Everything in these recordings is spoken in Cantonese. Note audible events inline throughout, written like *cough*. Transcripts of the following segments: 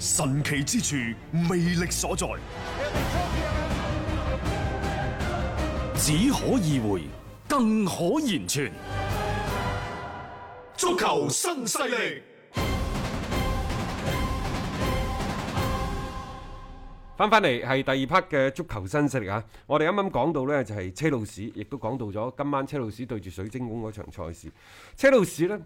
神奇之處，魅力所在，只可意會，更可言傳。足球新勢力，翻翻嚟係第二 part 嘅足球新勢力啊！我哋啱啱講到呢，就係車路士，亦都講到咗今晚車路士對住水晶宮嗰場賽事，車路士呢。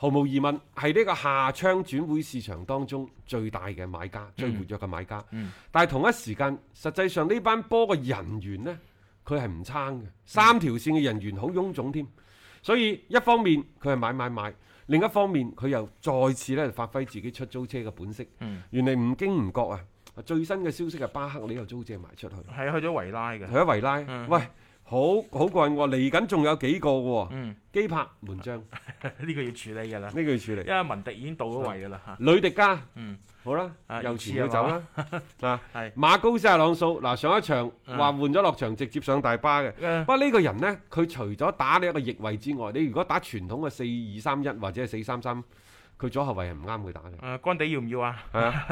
毫無疑問係呢個夏窗轉會市場當中最大嘅買家、嗯、最活躍嘅買家。嗯、但係同一時間，實際上呢班波嘅人員呢，佢係唔撐嘅。三條線嘅人員好臃腫添，所以一方面佢係買買買，另一方面佢又再次咧發揮自己出租車嘅本色。嗯、原嚟唔經唔覺啊，最新嘅消息係巴克利又租借埋出去。係去咗維拉嘅。去咗維拉，嗯、喂。好好貴喎，嚟緊仲有幾個喎？嗯，基帕門將呢個要處理㗎啦，呢個要處理。因為文迪已經到咗位㗎啦嚇。呂迪加，嗯，好啦，右前佢走啦嗱，馬高斯阿朗素嗱，上一場話換咗落場直接上大巴嘅。不過呢個人咧，佢除咗打你一個翼位之外，你如果打傳統嘅四二三一或者係四三三，佢左後位係唔啱佢打嘅。啊，乾地要唔要啊？係啊，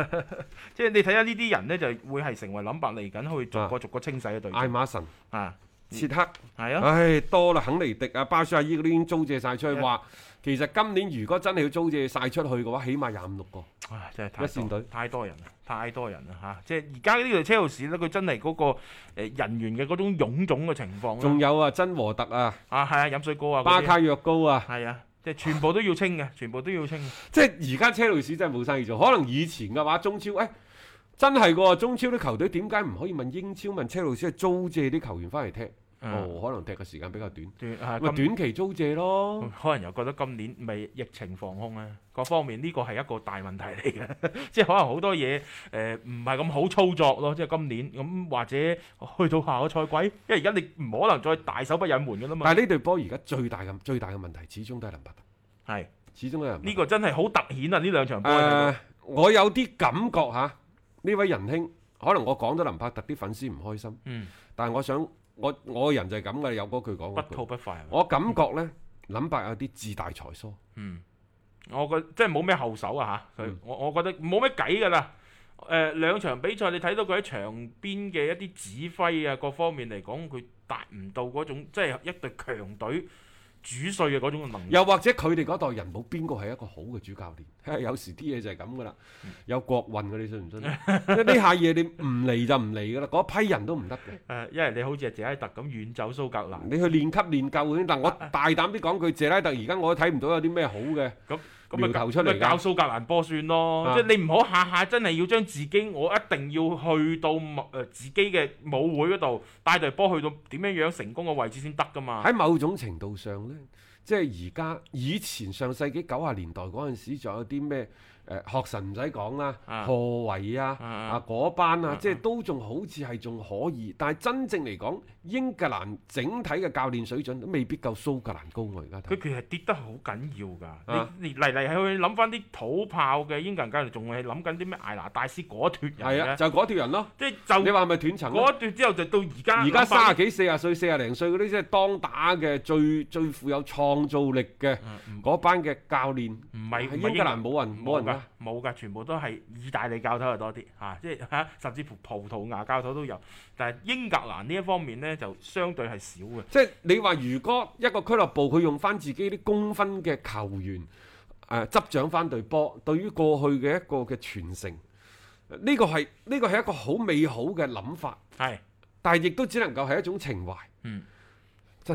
即係你睇下呢啲人咧，就會係成為諗白嚟緊去逐個逐個清洗嘅隊員。艾馬臣啊！切克，係、嗯、啊，唉多啦，肯尼迪啊、巴舒亞依嗰啲已經租借晒出去。話、啊、其實今年如果真係要租借晒出去嘅話，起碼廿五六個，啊、真太多一線隊太多人，太多人啦吓、啊，即係而家呢個車路士咧，佢真係嗰個人員嘅嗰種臃腫嘅情況。仲有啊，真和特啊，啊係啊，飲水哥啊，巴卡約高啊，係啊，即係全部都要清嘅，啊、全部都要清。即係而家車路士真係冇生意做，可能以前嘅話中超，誒、欸、真係喎，中超啲球隊點解唔可以問英超問車路士去租借啲球員翻嚟踢？哦，可能踢嘅時間比較短，嗯、短期租借咯。可能又覺得今年咪疫情防控咧、啊，各方面呢個係一個大問題嚟嘅， *laughs* 即係可能好多嘢誒唔係咁好操作咯。即係今年咁，或者去到下個賽季，因為而家你唔可能再大手筆引門噶啦嘛。但係呢隊波而家最大嘅最大嘅問題始終都係林柏特，係是始終都係林柏特。呢個真係好突顯啊！呢兩場波、呃，的我有啲感覺嚇，呢位仁兄可能我講咗林柏特啲粉絲唔開心，嗯，但係我想。我我人就係咁嘅，有嗰句講，不吐不快。我感覺呢，諗白、嗯、有啲自大才疏。嗯，我覺即係冇咩後手啊嚇。佢、啊、我、嗯、我覺得冇咩計㗎啦。誒、呃、兩場比賽你睇到佢喺場邊嘅一啲指揮啊，各方面嚟講，佢達唔到嗰種即係一隊強隊主帥嘅嗰種能力，又或者佢哋嗰代人冇邊個係一個好嘅主教練？哎、有時啲嘢就係咁噶啦，有國運嘅，你信唔信？即呢下嘢你唔嚟就唔嚟噶啦，嗰批人都唔得嘅。誒，因為你好似謝拉特咁遠走蘇格蘭，你去練級練夠先。嗱，我大膽啲講句，謝拉特而家我都睇唔到有啲咩好嘅。啊啊啊啊啊啊咁咪教出嚟，咪教蘇格蘭波算咯，即係、啊、你唔好下下真係要將自己，我一定要去到舞自己嘅舞會嗰度帶隊波去到點樣樣成功嘅位置先得噶嘛。喺某種程度上呢，即係而家以前上世紀九十年代嗰陣時，仲有啲咩？誒學神唔使講啦，霍維啊，啊嗰班啊，即係都仲好似係仲可以，但係真正嚟講，英格蘭整體嘅教練水準都未必夠蘇格蘭高喎，而家睇佢其實跌得好緊要㗎。你嚟嚟去去諗翻啲土炮嘅英格蘭教練，仲會係諗緊啲咩艾拿大師嗰脫人？係啊，就嗰脫人咯。即係就你話係咪斷層？嗰脫之後就到而家而家三十幾、四十歲、四十零歲嗰啲，即係當打嘅最最富有創造力嘅嗰班嘅教練，唔係英格蘭冇人冇人。冇噶，全部都係意大利教頭就多啲，吓、啊、即係、啊、甚至乎葡萄牙教頭都有。但係英格蘭呢一方面呢，就相對係少嘅。即係你話如果一個俱樂部佢用翻自己啲公分嘅球員誒、呃、執掌翻隊波，對於過去嘅一個嘅傳承，呢個係呢個係一個好美好嘅諗法。係嘅，但係亦都只能夠係一種情懷。嗯。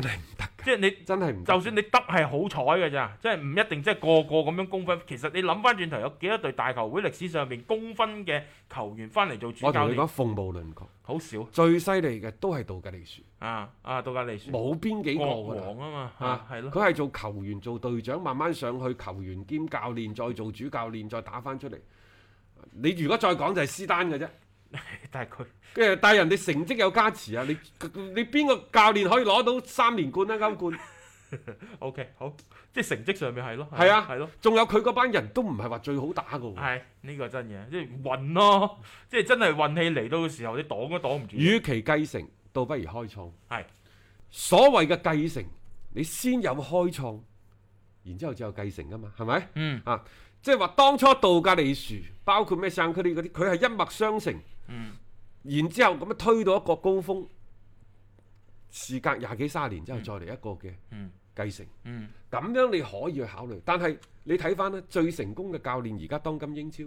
真係唔得，即係你真係唔，就算你得係好彩嘅咋，即係唔一定，即係個個咁樣功勳，其實你諗翻轉頭，有幾多隊大球會歷史上面功勳嘅球員翻嚟做主教練？我同你講鳳毛麟角，好少。最犀利嘅都係杜嘉利殊啊啊！杜嘉利殊冇邊幾個王啊嘛佢係、啊、做球員做隊長，慢慢上去球員兼教練，再做主教練，再打翻出嚟。你如果再講就係、是、施丹嘅啫。 *laughs* 但係佢他，跟住但係人哋成績有加持啊！你你邊個教練可以攞到三連冠咧、啊？歐冠，O K，好，即係成績上面係咯，係啊，係咯，仲咯有佢嗰班人都唔係話最好打噶喎、啊，係呢、哎這個真嘢，即係運咯，即係真係運氣嚟到嘅時候，你擋都擋唔住、啊。與其繼承，倒不如開創。係是所謂嘅繼承，你先有開創，然之後就有繼承噶嘛？係咪？嗯，啊，即係話當初杜嘉利殊，包括咩省區啲嗰啲，佢係一脈相承。嗯，然之後咁樣推到一個高峰，事隔廿幾卅年之後再嚟一個嘅繼承，咁樣你可以去考慮。但係你睇返咧，最成功嘅教練而家當今英超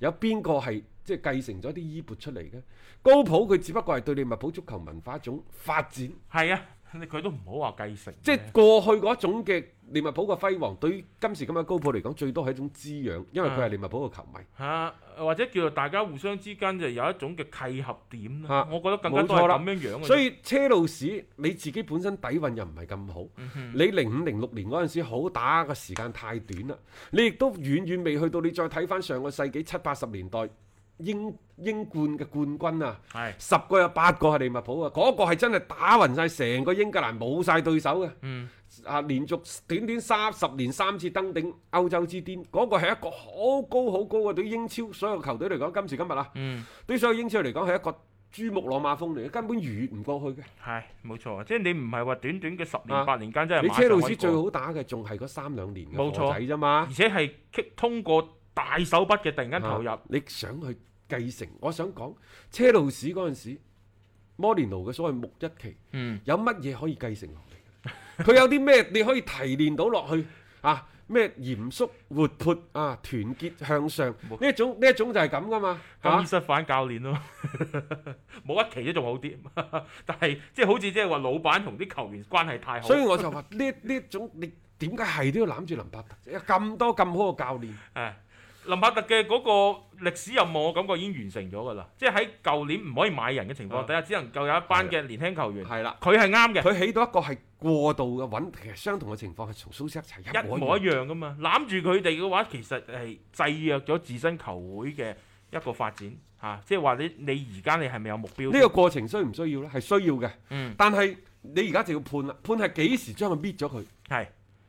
有邊個係即係繼承咗啲衣缽出嚟嘅？高普佢只不過係對你利物浦足球文化一種發展。係啊。佢都唔好話繼承，即係過去嗰種嘅利物浦嘅輝煌，對於今時今日高普嚟講，最多係一種滋養，因為佢係利物浦嘅球迷嚇、啊啊，或者叫做大家互相之間就有一種嘅契合點啦。啊、我覺得更加都係咁樣樣。冇錯啦。所以車路士你自己本身底蘊又唔係咁好，嗯、哼你零五零六年嗰陣時好打嘅時間太短啦，你亦都遠遠未去到你再睇翻上個世紀七八十年代。英英冠嘅冠軍啊，是的 十個有八個係利物浦啊，嗰個係真係打暈晒成個英格蘭冇晒對手嘅、啊，啊、嗯、連續短短三十年三次登頂歐洲之巔，嗰、這個係一個好高好高嘅對英超所有球隊嚟講今時今日啊，嗯、對所有英超嚟講係一個珠穆朗瑪峰嚟嘅，根本逾唔過去嘅。係冇錯啊，即係你唔係話短短嘅十年八年間真係你車路士最好打嘅仲係嗰三兩年冇錯睇啫嘛，而且係通過。大手筆嘅突然間投入，你想去繼承？我想講車路士嗰陣時，摩連奴嘅所謂木一期，有乜嘢可以繼承落嚟？佢有啲咩你可以提煉到落去啊？咩嚴肅、活潑啊、團結向上呢一種呢一種就係咁㗎嘛？咁易失返教練咯，冇一期都仲好啲，但係即係好似即係話老闆同啲球員關係太好，所以我就話呢呢一種你點解係都要攬住林柏特？有咁多咁好嘅教練。林伯特嘅嗰個歷史任務，我感覺已經完成咗㗎啦。即係喺舊年唔可以買人嘅情況底下，嗯、只能夠有一班嘅年輕球員。係啦，佢係啱嘅，佢起到一個係過渡嘅穩，其實相同嘅情況係從蘇斯一齊一模一樣㗎嘛。攬住佢哋嘅話，其實係制約咗自身球會嘅一個發展嚇、啊。即係話你你而家你係咪有目標？呢個過程需唔需要咧？係需要嘅。嗯。但係你而家就要判啦，判係幾時將佢搣咗佢？係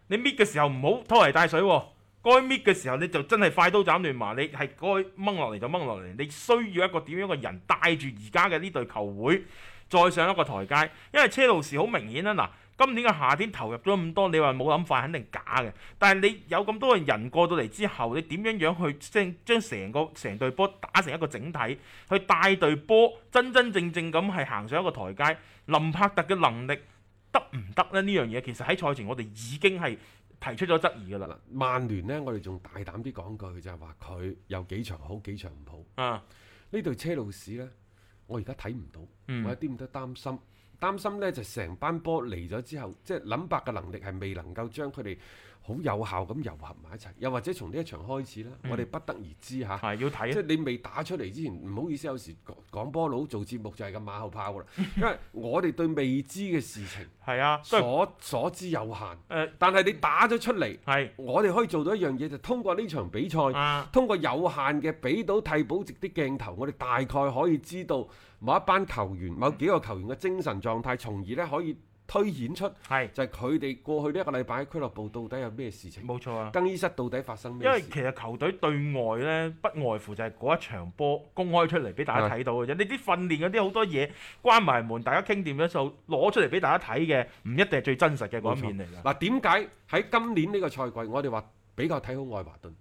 你搣嘅時候唔好拖泥帶水喎、啊。該搣嘅時候你就真係快刀斬亂麻，你係該掹落嚟就掹落嚟。你需要一個點樣嘅人帶住而家嘅呢隊球會再上一個台階？因為車路士好明顯啦。嗱，今年嘅夏天投入咗咁多，你話冇諗法肯定假嘅。但係你有咁多嘅人過到嚟之後，你點樣樣去將成個成隊波打成一個整體，去帶隊波真真正正咁係行上一個台階。林柏特嘅能力得唔得呢？呢樣嘢其實喺賽前我哋已經係。提出咗質疑嘅啦。曼聯呢，我哋仲大膽啲講句，就係話佢有幾場好，幾場唔好。啊，呢隊車路士呢，我而家睇唔到，我有啲咁多擔心，擔心、嗯、擔心呢，就成班波嚟咗之後，即係諗白嘅能力係未能夠將佢哋。好有效咁糅合埋一齊，又或者從呢一場開始啦，嗯、我哋不得而知吓，啊、係要睇，即係你未打出嚟之前，唔好意思，有時講波佬做節目就係咁馬後炮㗎喇。 *laughs* 因為我哋對未知嘅事情 *laughs* 所所知有限。 *laughs* 但係你打咗出嚟， *laughs* 我哋可以做到一樣嘢，就係、通過呢場比賽， *laughs* 通過有限嘅俾到替補席啲鏡頭，我哋大概可以知道某一班球員、某幾個球員嘅精神狀態，從而呢可以，推演出，係就係佢哋過去呢一個禮拜喺俱樂部到底有咩事情？冇錯啊！更衣室到底發生咩事？因為其實球隊對外咧，不外乎就係嗰一場波公開出嚟俾大家睇到嘅啫。是的 你啲訓練嗰啲好多嘢關埋門，大家傾掂咗數攞出嚟俾大家睇嘅，唔一定係最真實嘅一面嚟㗎。嗱，點解喺今年呢個賽季，我哋話比較睇好愛華頓，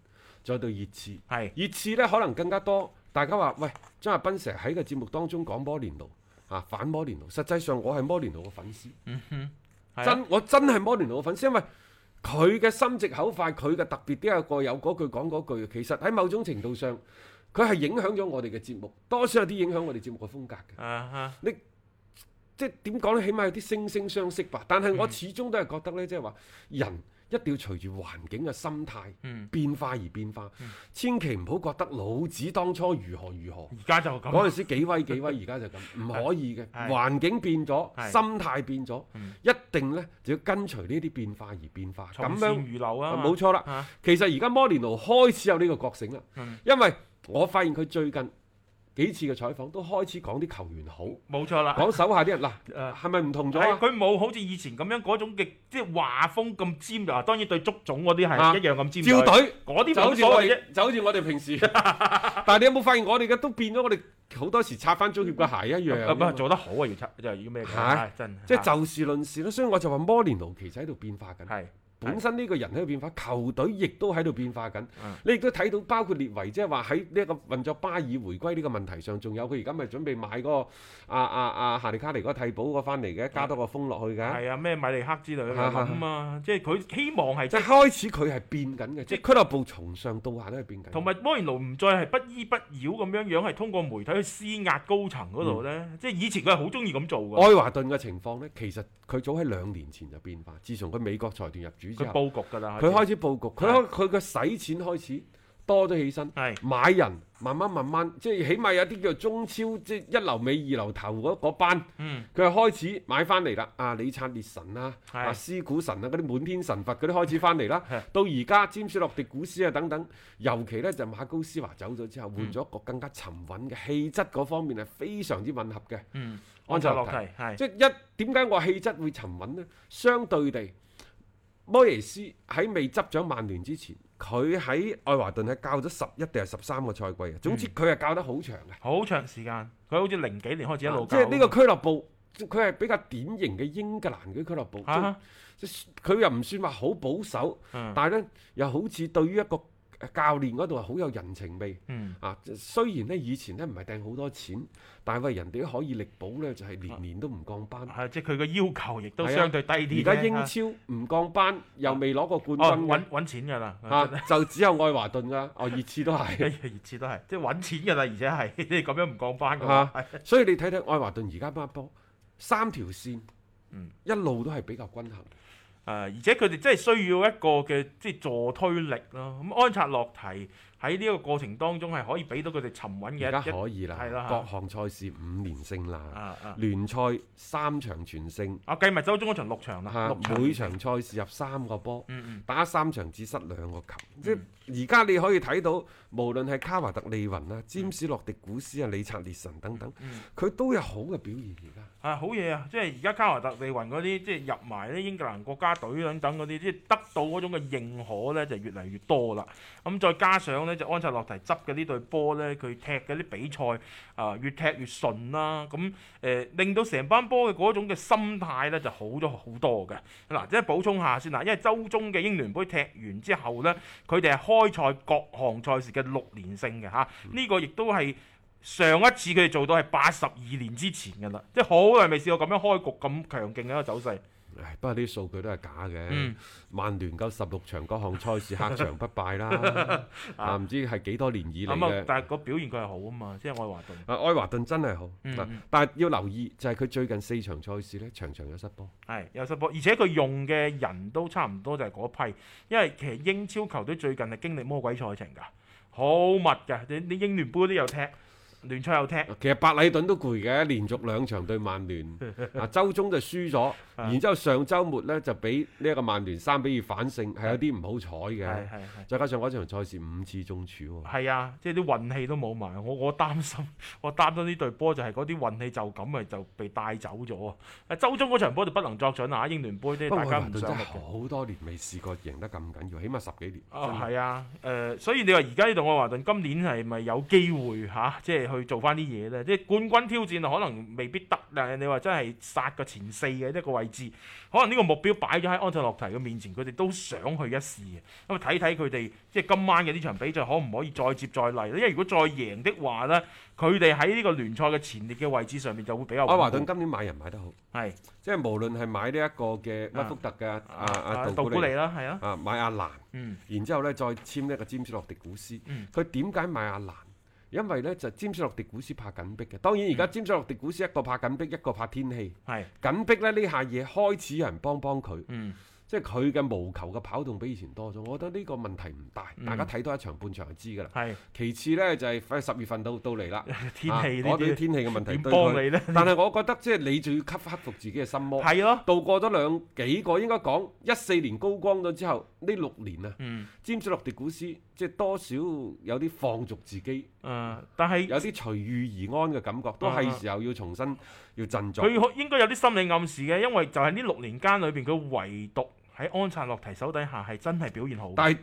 再到熱刺。係是的 熱刺咧，可能更加多大家話，喂，張日斌張達斌成日喺個節目當中講波連奴。啊！反摩連奴，實際上我係摩連奴嘅粉絲，嗯、真我真係摩連奴嘅粉絲，因為佢嘅心直口快，佢嘅特別啲啊個有句講句，其實喺某種程度上，佢係影響咗我哋嘅節目，多少有啲影響我哋節目嘅風格嘅。Uh huh. 你即係點講咧？起碼有啲惺惺相惜吧。但係我始終都係覺得咧，即係話人。一定要隨住環境嘅心態變化而變化，千祈唔好覺得老子當初如何如何，而家就咁，嗰時幾威幾威，而家就咁，唔可以嘅。環境變咗，心態變咗，一定呢就要跟隨呢啲變化而變化。從善如流啊，冇錯啦。其實而家摩連奴開始有呢個覺醒啦，因為我發現佢最近。幾次嘅採訪都開始講啲球員好，冇錯啦。講手下啲人嗱，誒係咪唔同咗？佢冇好似以前咁樣嗰種嘅即係畫風咁尖嘅，當然對足總嗰啲係一樣咁尖。調、啊、隊，我啲冇所謂啫，就好似我哋平時。 *laughs* 但係你有冇發現我哋嘅都變咗？我哋好多時拆翻足協嘅鞋一樣，做得好啊！要拆，又要咩？啊、真係！即係就事論事咯，所以我就話摩連奴其實喺度變化緊。係。本身呢個人喺度變化，球隊亦都喺度變化緊。啊、你亦都睇到，包括列維即係話喺呢一個運作巴爾回歸呢個問題上，仲有佢而家咪準備買嗰個阿阿阿夏利卡尼嗰個替補個翻嚟嘅，加多個鋒落去嘅。係啊，咩米利克之類咁啊，即係佢希望係即係開始佢係變緊嘅，即係俱樂部從上到下都係變緊。同埋摩連奴唔再係不依不饒咁樣樣，係通過媒體去施壓高層嗰度咧。嗯、即係以前佢係好中意咁做嘅。愛華頓嘅情況咧，其實佢早喺兩年前就變化，自從佢美國財團入主。佢佈局㗎啦，佢開始佈局，佢佢嘅使錢開始多咗起身，是的 買人慢慢慢慢，即係起碼有啲叫中超，即係一流尾二流頭嗰班，佢係、嗯、開始買翻嚟啦。啊，李察烈神啦、啊，是的 啊，斯古神啊，嗰啲滿天神佛嗰啲開始翻嚟啦。是的 到而家詹士、洛迪古斯啊等等，尤其呢，就馬高斯華走咗之後，換咗一個更加沉穩嘅氣質嗰方面係非常之吻合嘅。嗯，嗯，安坐落地，即係一點解我話氣質會沉穩呢？相對地。摩耶斯喺未執掌曼聯之前，佢喺愛華頓係教咗十一定係十三個賽季啊。總之佢係教得好長嘅，好長嘅、嗯、好長時間。佢好似零幾年開始一路教。即係呢個俱樂部，佢係比較典型嘅英格蘭嘅俱樂部。嚇、啊哈！佢又唔算話好保守，但係咧又好似對於一個。教練嗰度係好有人情味，嗯、啊，雖然咧以前咧唔係掟好多錢，但係喂人哋都可以力保咧，就係、是、年年都唔降班，啊、即係佢嘅要求亦都相對低啲。而家英超唔降班、啊、又未攞過冠軍，揾揾、啊、錢㗎啦，嚇、啊、就只有愛華頓啦，熱刺、啊、都係，熱刺都係，即係揾錢㗎啦，而且係你咁樣唔降班㗎嘛。啊啊、所以你睇睇愛華頓而家掹波三條線，嗯、一路都係比較均衡。誒，而且佢哋真係需要一個嘅即係助推力咯、啊，咁、嗯、安察落堤安察洛堤。喺呢個過程當中係可以俾到佢哋沉穩嘅，而家可以啦，係啦，各項賽事五連勝啦，聯賽三場全勝。啊，計埋周中嗰場六場啦，每場賽事入三個波，打三場只失兩個球。即係而家你可以睇到，無論係卡華特利雲啊、詹士洛迪古斯啊、理策列神等等，佢都有好嘅表現而家。啊，好嘢啊！即係而家卡華特利雲嗰啲，即係入埋啲英格蘭國家隊等等嗰啲，即係得到嗰種嘅認可呢，就越嚟越多啦。咁再加上呢。就安察洛提執嘅呢隊波咧，佢踢嘅啲比賽啊、呃，越踢越順啦、啊。咁、嗯、誒，令到成班波嘅嗰種嘅心態咧就好咗好多嘅。嗱、啊，即係補充下先啦，因為周中嘅英聯杯踢完之後咧，佢哋係開賽各項賽事嘅六連勝嘅吓。呢、啊這個亦都係上一次佢哋做到係八十二年之前噶啦，即係好耐未試過咁樣開局咁強勁嘅一個走勢。唉，不過啲數據都係假嘅。曼、嗯、聯夠十六場嗰項賽事 *laughs* 客場不敗啦， *laughs* 啊唔知係幾多年以嚟咁啊，但係個表現佢係好啊嘛，即、就、係、是、愛華頓。啊，愛華頓真係好，嗯啊、但係要留意就係佢最近四場賽事咧，場場有失波，係有失波，嗯、而且佢用嘅人都差唔多就係嗰批，因為其實英超球隊最近係經歷魔鬼賽程㗎，好密㗎，你你英聯杯都有踢。聯賽有踢，其實百禮頓都攰嘅，連續兩場對曼聯，啊 *laughs* 周中就輸咗，的然之後上週末咧就俾呢一個曼聯三比二反勝，係的有啲唔好彩嘅，再加的上嗰場賽事五次中柱喎、哦。係啊，即係啲運氣都冇埋，我我擔心，我擔心呢隊波就係嗰啲運氣就咁咪就被帶走咗啊！啊周中嗰場波就不能作準啊！英聯杯咧，大家唔想嘅。不過愛華頓真係好多年未試過贏得咁緊要，起碼十幾年。啊係啊，誒、哦呃、所以你話而家呢度愛華頓今年係咪有機會嚇、啊？即係。去做翻啲嘢咧，即係冠軍挑戰可能未必得，但係你話真係殺個前四嘅一個位置，可能呢個目標擺咗喺安特洛提嘅面前，佢哋都想去一試，咁啊睇睇佢哋即係今晚嘅呢場比賽可唔可以再接再厲，因為如果再贏的話咧，佢哋喺呢個聯賽嘅前列嘅位置上面就會比較。阿、啊、華頓今年買人買得好，係是即係無論係買呢一個嘅屈福特嘅阿阿杜古利啦，係啊，啊，啊，買阿蘭，嗯，然之後咧再簽呢個詹士洛迪古斯，佢點解買阿蘭？因為咧就詹姆斯落迪古斯拍緊逼嘅，當然而家詹姆斯落迪古斯一個拍緊逼，一個拍天氣。係緊逼咧呢下嘢開始有人幫幫佢，即係佢嘅無球嘅跑動比以前多咗，我覺得呢個問題唔大，大家睇多一場半場就知㗎啦。係其次咧就係十月份到到嚟啦，天氣呢啲天氣嘅問題。點幫你咧？但係我覺得即係你仲要吸克服自己嘅心魔。係咯，度過咗兩幾個應該講一四年高光咗之後呢六年啊，詹姆斯落迪古斯。即係多少有啲放逐自己，誒、嗯，但係有啲隨遇而安嘅感覺，都係時候要重新、嗯、要振作。佢應該有啲心理暗示嘅，因為就係呢六年間裏邊，佢唯獨喺安察洛提手底下係真係表現好。但係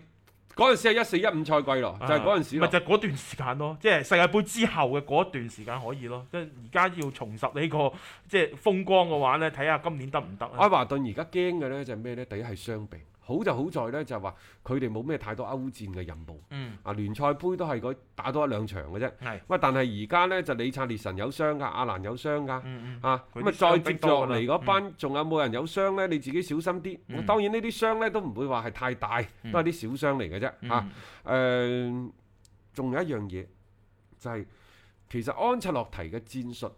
嗰陣時係一四一五賽季咯、嗯嗯，就係嗰陣時，咪就係嗰段時間咯，即、就、係、係、世界盃之後嘅嗰段時間可以咯。即係而家要重拾呢個即係風光嘅話咧，睇下今年得唔得啊？埃華頓而家驚嘅咧就係咩咧？第一係傷病。好就好在呢，就係話佢哋冇咩太多歐戰嘅任務。啊，聯賽杯都係打多一兩場嘅啫。係。但係而家呢，就李察列神有傷噶，阿蘭有傷噶。嗯咁啊再接落嚟嗰班，仲有冇人有傷呢？你自己小心啲。嗯。當然呢啲傷呢，都唔會話係太大，都係啲小傷嚟嘅啫。嚇。嗯。仲有一樣嘢就係其實安察洛提嘅戰術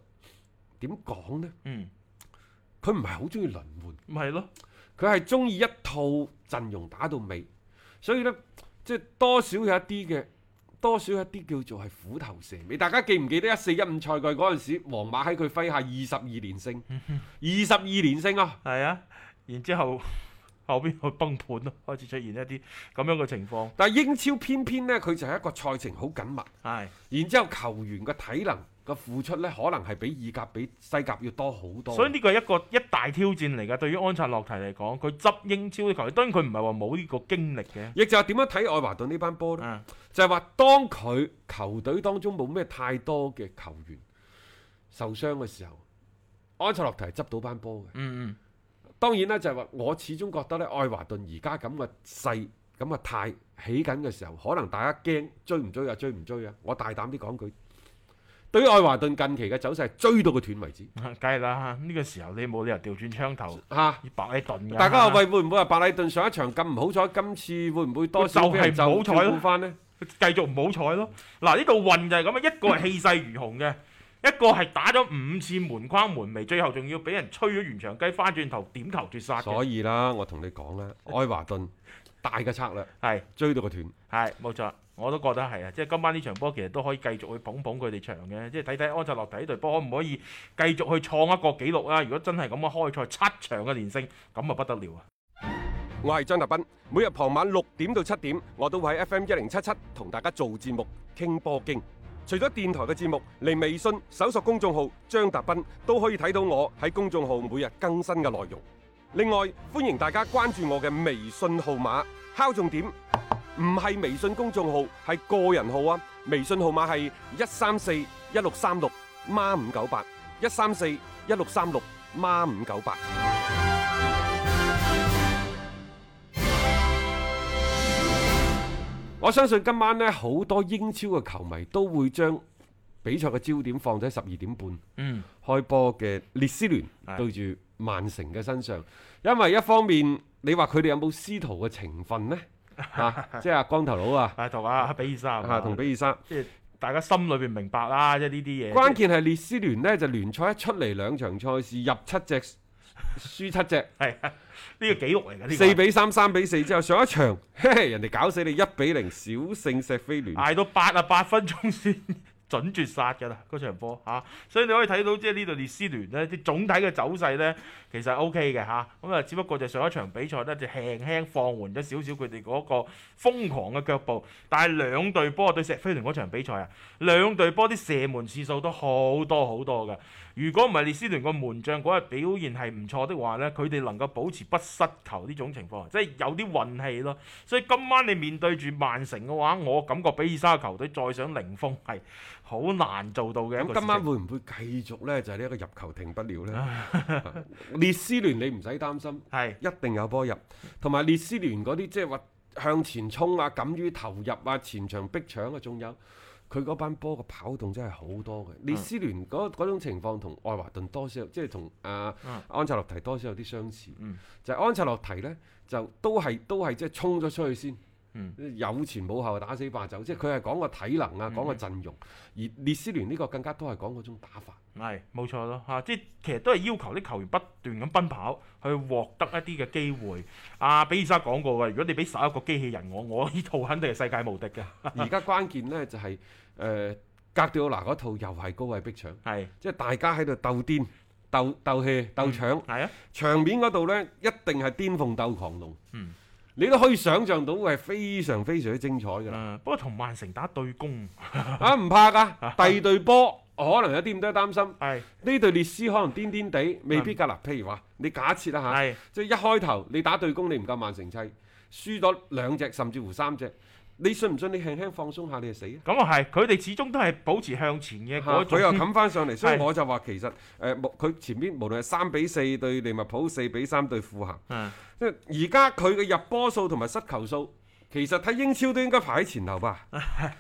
點講呢？嗯。佢唔係好鍾意輪換。咪係咯。佢係中意一套陣容打到尾，所以呢，即係多少有一啲嘅，多少有一啲叫做係虎頭蛇尾。大家記唔記得一四一五賽季嗰陣時，皇馬喺佢麾下二十二連勝，二十二連勝啊！係啊，然之後後邊佢崩盤咯，開始出現一啲咁樣嘅情況。但係英超偏偏呢，佢就係一個賽程好緊密，係是，然之後球員嘅體能。個付出咧，可能係比意甲比西甲要多好多。所以呢個係一個一大挑戰嚟㗎，對於安察洛提嚟講，佢執英超嘅球，當然佢唔係話冇呢個經歷嘅。亦就係點樣睇愛華頓呢班波呢？嗯、就係話當佢球隊當中冇咩太多嘅球員受傷嘅時候，安察洛提係執到班波嘅。嗯嗯。當然啦，就係話我始終覺得咧，愛華頓而家咁嘅勢、咁嘅態起緊嘅時候，可能大家驚追唔追，追啊？追唔追，追啊？我大膽啲講句。對於愛華頓近期嘅走勢，追到個斷為止，梗係啦！呢個時候你冇理由調轉槍頭吓，白禮頓。大家話喂，會唔會話白禮頓上一場咁唔好彩，今次會唔會多？手係就好彩咯，翻咧，繼續唔好彩咯。嗱，呢度運就係咁啊，一個係氣勢如虹嘅，一個係打咗五次門框門楣，最後仲要俾人吹咗完場雞，翻轉頭點球絕殺。所以啦，我同你講啦，愛華頓大嘅策略係追到個斷，係冇錯。我都覺得係啊，即係今晚呢場波其實都可以繼續去捧捧佢哋場嘅，即係睇睇安切洛蒂呢隊波可唔可以繼續去創一個紀錄啊？如果真係咁啊開賽七場嘅連勝，咁啊不得了啊！我係張達斌，每日傍晚六點到七點，我都會喺 FM 一零七七同大家做節目傾波經。除咗電台嘅節目，嚟微信搜索公眾號張達斌都可以睇到我喺公眾號每日更新嘅內容。另外，歡迎大家關注我嘅微信號碼，敲重點。唔係微信公眾號，係個人號啊！微信號碼係一三四一六三六孖五九八一三四一六三六孖五九八。8, *music* 我相信今晚咧，好多英超嘅球迷都會將比賽嘅焦點放喺十二點半嗯開波嘅列斯聯對住曼城嘅身上，的因為一方面你話佢哋有冇師徒嘅情分呢？ *laughs* 啊！即係阿光頭佬啊，同阿、啊、比爾三、啊啊，同比爾三、啊，即係大家心裏邊明白啦，即係呢啲嘢。關鍵係列斯聯呢，就聯賽一出嚟兩場賽事入七隻輸七隻，係呢個紀錄嚟嘅。四 *laughs* 比三，三比四之後上一場， *laughs* 人哋搞死你一比零，小勝石飛聯，挨 *laughs* 到八啊八分鐘先。準絕殺㗎啦，嗰場波嚇、啊，所以你可以睇到即係呢度列斯聯咧，啲總體嘅走勢咧其實 O K 嘅嚇。咁啊只不過就上一場比賽咧就輕輕放緩咗少少佢哋嗰個瘋狂嘅腳步，但係兩隊波對石飛聯嗰場比賽啊，兩隊波啲射門次數都好多好多㗎。如果唔係列斯聯個門將嗰日表現係唔錯的話呢，佢哋能夠保持不失球呢種情況，即係有啲運氣咯。所以今晚你面對住曼城嘅話，我感覺比爾沙球隊再想零封係好難做到嘅。咁今晚會唔會繼續呢？就係呢個入球停不了呢？ *laughs* 列斯聯你唔使擔心，係是一定有波入。同埋列斯聯嗰啲即係話向前衝啊、敢於投入啊、前場逼搶啊，仲有。佢嗰班波嘅跑動真係好多嘅，嗯、列斯聯嗰種情況同愛華頓多少即係同啊安切洛提多少有啲相似。嗯、就係安切洛提呢，就都係都係即係衝咗出去先，嗯、有前冇後，打死霸走。嗯、即係佢係講個體能啊，講個陣容。嗯、而列斯聯呢個更加都係講嗰種打法。係冇錯咯，嚇、啊！即係其實都係要求啲球員不斷咁奔跑去獲得一啲嘅機會。阿、啊、比爾莎講過嘅，如果你俾十一個機器人我，我呢套肯定係世界無敵嘅。而家 *laughs* 關鍵呢，就係、是。誒、呃、格調拿嗰套又係高位逼搶，係是即係大家喺度鬥癲、鬥鬥氣、鬥搶，係、嗯、啊！場面嗰度咧一定係癲鳳鬥狂龍，嗯，你都可以想象到係非常非常之精彩㗎啦、嗯嗯。不過同曼城打對攻嚇唔、 *laughs* 啊、怕㗎，第二對波可能有啲咁多擔心，係呢是對列斯可能癲癲地，未必㗎嗱。譬如話你假設啦嚇，係即係一開頭你打對攻你唔夠曼城砌，輸多兩隻甚至乎三隻。你信唔信？你輕輕放鬆下，你就死啊！咁啊係，佢哋始終都係保持向前嘅。佢、啊、又冚翻上嚟， *laughs* 所以我就話其實誒目佢前邊無論係三比四對利物浦，四比三對富咸。嗯、啊。即係而家佢嘅入波數同埋失球數，其實睇英超都應該排喺前頭吧？係啊，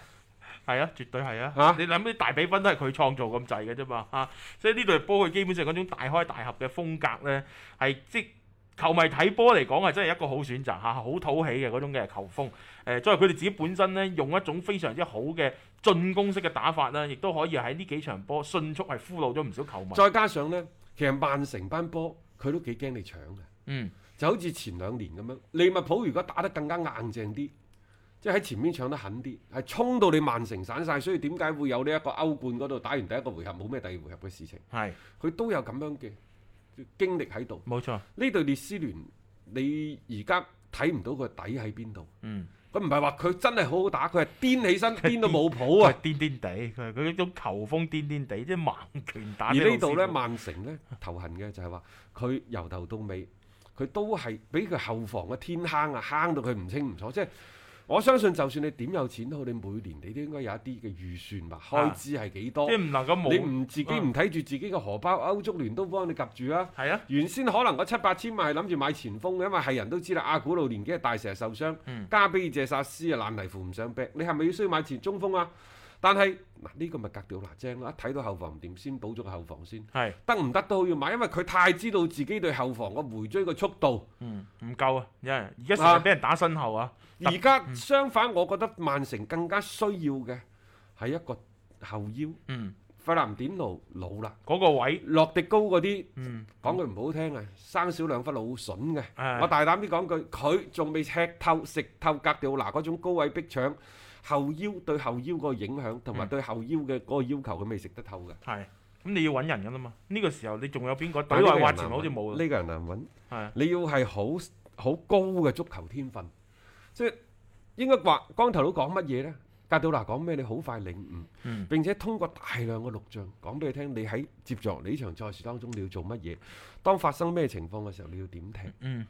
啊，絕對係啊！啊你諗啲大比分都係佢創造咁滯嘅啫嘛！啊，所以呢隊波佢基本上嗰種大開大合嘅風格咧係即。球迷睇波嚟講係真係一個好選擇嚇，好討喜嘅嗰種嘅球風。誒、呃，作為佢哋自己本身呢，用一種非常之好嘅進攻式嘅打法呢，亦都可以喺呢幾場波迅速係俘虜咗唔少球迷。再加上呢，其實曼城班波佢都幾驚你搶嘅、啊，嗯，就好似前兩年咁樣，利物浦如果打得更加硬淨啲，即係喺前面搶得狠啲，係衝到你曼城散晒。所以點解會有呢一個歐冠嗰度打完第一個回合冇咩第二回合嘅事情？係，佢都有咁樣嘅。經歷喺度，冇錯。呢隊列斯聯，你而家睇唔到個底喺邊度？嗯，佢唔係話佢真係好好打，佢係癲起身，癲到冇譜啊，癲癲地，佢係佢一種球風癲癲地，即係盲拳打。而呢度咧，曼城咧頭痕嘅就係話，佢由頭到尾，佢都係俾佢後防嘅天坑啊，坑到佢唔清唔楚，即係。我相信就算你點有錢都好，你每年你都應該有一啲嘅預算嘛？啊、開支係幾多？即係唔能夠冇。你唔自己唔睇住自己嘅荷包，嗯、歐足聯都幫你及住啊。係啊，原先可能個七八千萬係諗住買前鋒嘅，因為係人都知啦，阿、啊、古路年紀大成日受傷，嗯、加比爾謝薩斯啊爛泥扶唔上壁，你係咪要需要買前中鋒啊？但係嗱，呢個咪格掉拿正咯！一睇到後防唔掂，先補足後防先。係得唔得都好要買，因為佢太知道自己對後防個回追個速度唔夠啊！因為而家成日俾人打身後啊！而家相反，我覺得曼城更加需要嘅係一個後腰。嗯，費蘭甸奴老啦，嗰個位洛迪高嗰啲，講句唔好聽啊，生少兩忽腦囟嘅。我大膽啲講句，佢仲未吃透、食透格掉拿嗰種高位逼搶。後腰對後腰嗰個影響同埋對後腰嘅嗰個要求，佢未食得透嘅。係，咁你要揾人噶啦嘛？呢個時候你仲有邊個？佢話話前好似冇喎。呢個人難揾。係。你要係好好高嘅足球天分，即係應該話光頭佬講乜嘢咧？格道嗱講咩？你好快領悟。嗯。並且通過大量嘅錄像講俾你聽，你喺接住你呢場賽事當中你要做乜嘢？當發生咩情況嘅時候你要點聽？嗯。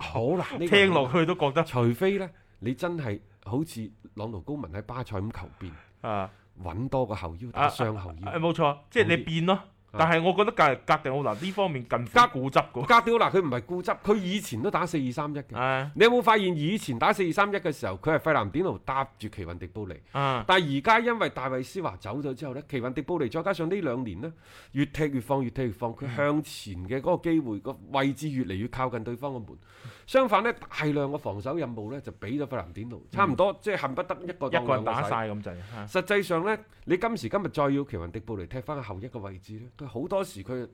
好啦，聽落去都覺得，除非咧，你真係。好似朗奴高文喺巴塞咁求變，啊，揾多個後腰打雙後腰，誒冇錯，即係你變咯。但係我覺得格格迪奧拿呢方面更加固執嘅。格迪奧拿佢唔係固執，佢以前都打四二三一嘅。啊、你有冇發現以前打四二三一嘅時候，佢係費南典奴搭住奇雲迪布尼。啊、但係而家因為大衛斯華走咗之後咧，奇雲迪布尼再加上呢兩年呢，越踢越放越踢越放，佢向前嘅嗰個機會、嗰個、位置越嚟越靠近對方嘅門。相反呢，大量嘅防守任務呢，就俾咗費南典奴。差唔多、嗯、即係恨不得一個一個人打晒咁滯。實際上呢，你今時今日再要奇雲迪布尼踢翻後一個位置呢。好多時佢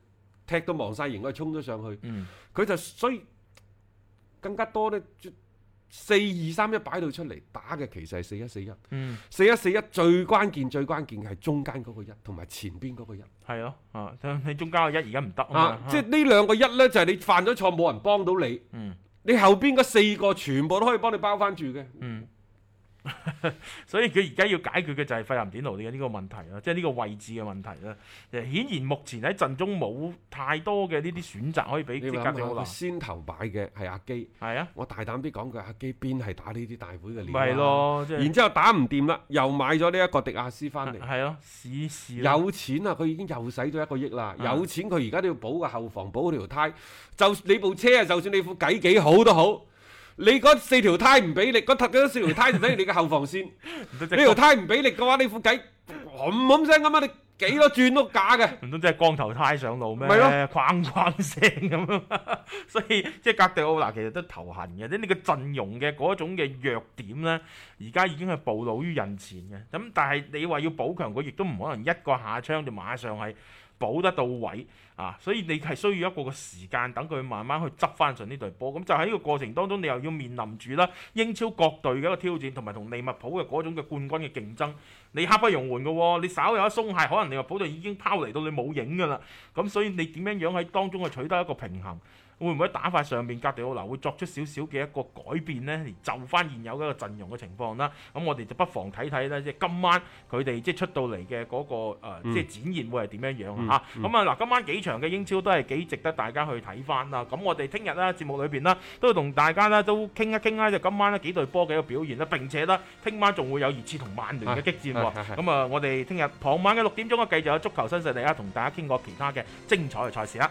踢到望晒形，佢衝咗上去，佢、嗯、就所以更加多咧四二三一擺到出嚟打嘅，其實係四一四一，嗯、四一四一最關鍵最關鍵嘅係中間嗰個一同埋前邊嗰個一，係咯啊！你中間、啊啊、個一而家唔得啊！即係呢兩個一咧，就係、是、你犯咗錯冇人幫到你，嗯、你後邊嗰四個全部都可以幫你包翻住嘅。嗯 *laughs* 所以佢而家要解決嘅就係費蘭甸奴呢個呢個問題啦，即係呢個位置嘅問題啦。其實顯然目前喺陣中冇太多嘅呢啲選擇可以俾。你諗下先頭擺嘅係阿基，係啊，我大膽啲講句，阿基邊係打呢啲大會嘅料咯？啊就是、然之後打唔掂啦，又買咗呢一個迪亞斯翻嚟。係咯、啊，市市、啊啊、有錢啊！佢已經又使咗一個億啦。啊、有錢佢而家都要補個後防，補條胎。就你部車啊，就算你副計幾好都好。你嗰四條胎唔俾力，嗰四條胎就係你嘅後防線，呢 *laughs* 條胎唔俾力嘅話，你副計冚冚聲咁啊，你幾多轉都假嘅。唔通即係光頭胎上路咩？咪咯的，哐哐聲咁。 *laughs* 所以即係格迪奧拿其實都頭痕嘅，即你個陣容嘅嗰種嘅弱點咧，而家已經係暴露於人前嘅。咁但係你話要補強佢，亦都唔可能一個下槍就馬上係補得到位。啊，所以你係需要一個個時間，等佢慢慢去執翻上呢隊波。咁就喺呢個過程當中，你又要面臨住啦英超各隊嘅一個挑戰，同埋同利物浦嘅嗰種嘅冠軍嘅競爭。你刻不容緩嘅喎、哦，你稍有一鬆懈，可能利物浦就已經拋離到你冇影嘅啦。咁所以你點樣樣喺當中去取得一個平衡？會唔會打法上面哥迪奧拿會作出少少嘅一個改變呢，而就翻現有嘅一個陣容嘅情況啦。咁我哋就不妨睇睇咧，即係今晚佢哋即係出到嚟嘅嗰個即係、嗯呃呃、展現會係點樣樣啊？咁、嗯嗯、啊嗱，今晚幾場嘅英超都係幾值得大家去睇翻啦。咁我哋聽日啦節目裏邊啦，都同大家咧都傾一傾咧、啊，就今晚呢幾隊波嘅一個表現啦。並且呢，聽晚仲會有熱刺同曼聯嘅激戰喎、啊。咁啊，啊，啊，啊，我哋聽日傍晚嘅六點鐘啊，繼續有足球新勢力啊，同大家傾過其他嘅精彩嘅賽事啊。